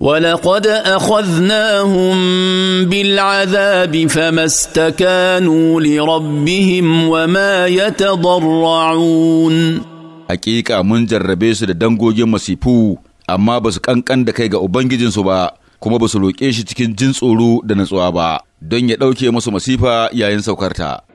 ولقد اخذناهم بالعذاب فما استكانوا لربهم وما يتضرعون Haƙiƙa mun jarrabe su da dangogin masifu amma ba su kankan da kai ga ubangijinsu ba kuma ba su roƙe shi cikin jin tsoro da natsuwa ba don ya ɗauke musu masifa yayin saukarta